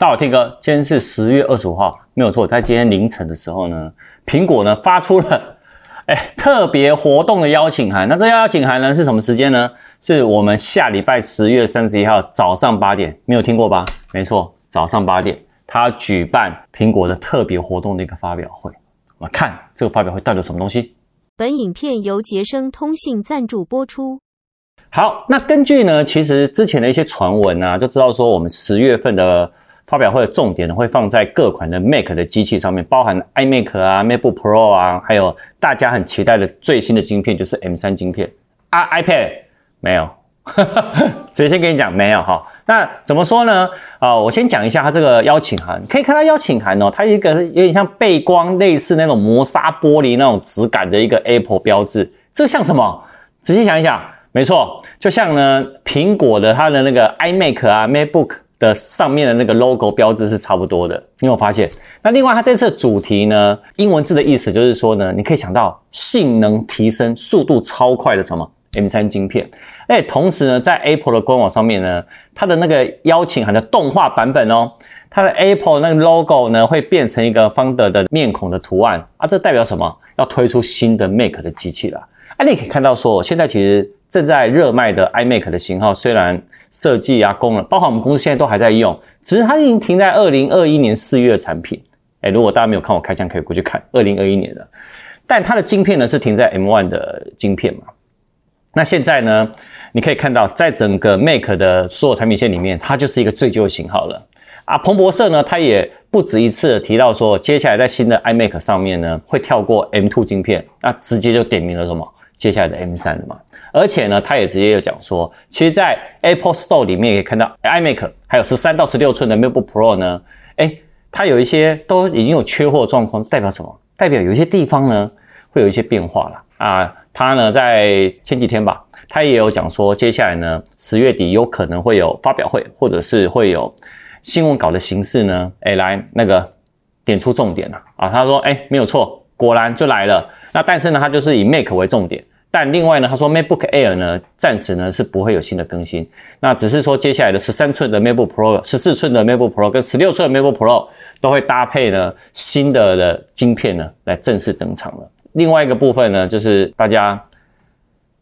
大家好，Tim 哥，今天是十月二十五號，沒有錯。在今天凌晨的時候呢，蘋果呢發出了誒、哎、特別活動的邀請函。那這邀請函呢是什麼時間呢？是我們下禮拜十月三十一號早上八點，沒有聽過吧？沒錯，早上八點，它舉辦蘋果的特別活動的一個發表會。我們看這個發表會代表什麼東西？本影片由傑昇通信贊助播出。好，那根據呢，其實之前的一些傳聞啊，就知道說我們十月份的。發表會的重點會放在各款的 Mac 的機器上面，包含 iMac 啊、MacBook Pro 啊，還有大家很期待的最新的晶片，就是 M3 晶片啊。iPad 沒有， 直接先跟你講沒有哈。那怎麼說呢？啊、呃，我先講一下它這個邀請函，可以看到邀請函哦，它一個是有點像背光，類似那種磨砂玻璃那種質感的一個 Apple 標誌，這個、像什麼？仔細想一想，沒錯，就像呢蘋果的它的那個 iMac 啊、MacBook。的上面的那個 logo 標誌是差不多的，你有發現？那另外它這次的主題呢，英文字的意思就是說呢，你可以想到性能提升、速度超快的什麼 M3 晶片。哎，同時呢，在 Apple 的官網上面呢，它的那個邀請函的動畫版本哦，它的 Apple 那個 logo 呢會變成一個 Founder 的面孔的圖案啊，這代表什麼？要推出新的 Mac 的機器了。啊，你可以看到說，現在其實。正在熱賣的 iMac 的型號，雖然設計啊、功能，包括我們公司現在都還在用，只是它已經停在二零二一年四月的產品。哎、欸，如果大家沒有看我開箱，可以過去看二零二一年的。但它的晶片呢，是停在 M1 的晶片嘛？那現在呢，你可以看到，在整個 Mac 的所有產品線裡面，它就是一個最舊的型號了啊。彭博社呢，它也不止一次的提到說，接下來在新的 iMac 上面呢，會跳過 M2 晶片，那、啊、直接就點名了什麼？接下來的 M 三了嘛？而且呢，他也直接有講說，其實，在 Apple Store 裡面也可以看到、欸、iMac，還有十三到十六寸的 MacBook Pro 呢。哎、欸，它有一些都已經有缺貨狀況，代表什麼？代表有一些地方呢會有一些變化了啊！他呢在前幾天吧，他也有講說，接下來呢十月底有可能會有發表會，或者是會有新聞稿的形式呢，哎、欸，來那個點出重點了啊，啊！他說，哎、欸，沒有錯，果然就來了。那但是呢，它就是以 Mac 為重點，但另外呢，他說 MacBook Air 呢，暫時呢是不會有新的更新，那只是說接下來的十三寸的 MacBook Pro、十四寸的 MacBook Pro 跟十六寸的 MacBook Pro 都會搭配呢新的的晶片呢來正式登場了。另外一個部分呢，就是大家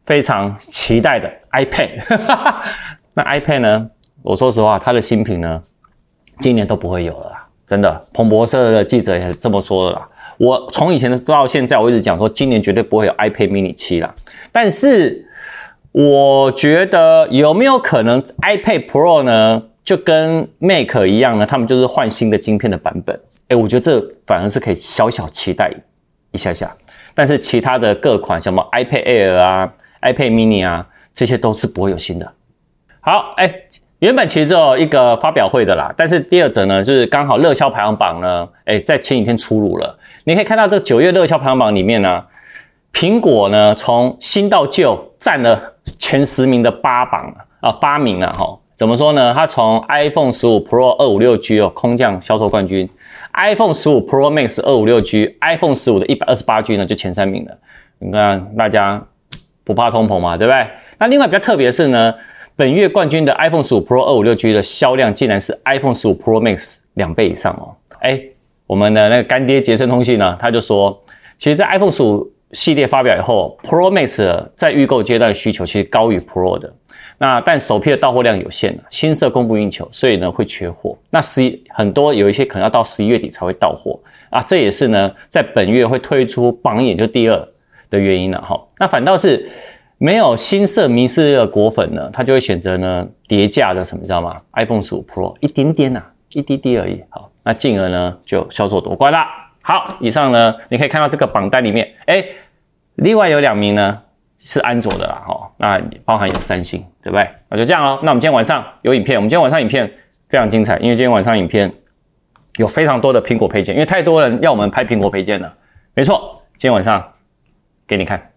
非常期待的 iPad。哈哈哈，那 iPad 呢，我說實話，它的新品呢今年都不會有了。真的，彭博社的記者也是這麼說的啦。我從以前到現在，我一直講說，今年絕對不會有 iPad Mini 七了。但是，我覺得有沒有可能 iPad Pro 呢？就跟 Mac 一樣呢？他們就是換新的晶片的版本。哎、欸，我覺得這反而是可以小小期待一下下。但是其他的各款什麼 iPad Air 啊、iPad Mini 啊，這些都是不會有新的。好，哎、欸。原本其實只有一個發表會的啦，但是第二者呢，就是剛好熱銷排行榜呢，誒，在前幾天出爐了。你可以看到這九月熱銷排行榜裡面呢，蘋果呢從新到舊佔了前十名的八榜啊，八名呢，哈、哦，怎麼說呢？它從 iPhone 十五 Pro 二五六 G 哦，空降銷售冠軍，iPhone 十五 Pro Max 二五六 G，iPhone 十五的一百二十八 G 呢就前三名了。你看大家不怕通膨嘛，對不對？那另外比較特別的是呢，本月冠軍的 iPhone 15 Pro 二五六 G 的銷量竟然是 iPhone 15 Pro Max 兩倍以上哦！誒，我們的那個乾爹杰森通信呢，他就說，其實，在 iPhone 15系列發表以後，Pro Max 在預購階段的需求其實高於 Pro 的。那但首批的到貨量有限，新色供不應求，所以呢會缺貨。那十一很多有一些可能要到十一月底才會到貨啊，這也是呢在本月會推出榜眼就第二的原因了哈。那反倒是。沒有新色迷思的果粉呢，他就會選擇呢疊加的什麼，你知道嗎？iPhone 15 Pro 一點點吶、啊，一滴滴而已。好，那進而呢就銷售奪冠啦。好，以上呢你可以看到這個榜單裡面，哎，另外有兩名呢是安卓的啦，哈、哦，那包含有三星，對不對？那就這樣哦。那我們今天晚上有影片，我們今天晚上影片非常精彩，因為今天晚上影片有非常多的蘋果配件，因為太多人要我們拍蘋果配件了。沒錯，今天晚上給你看。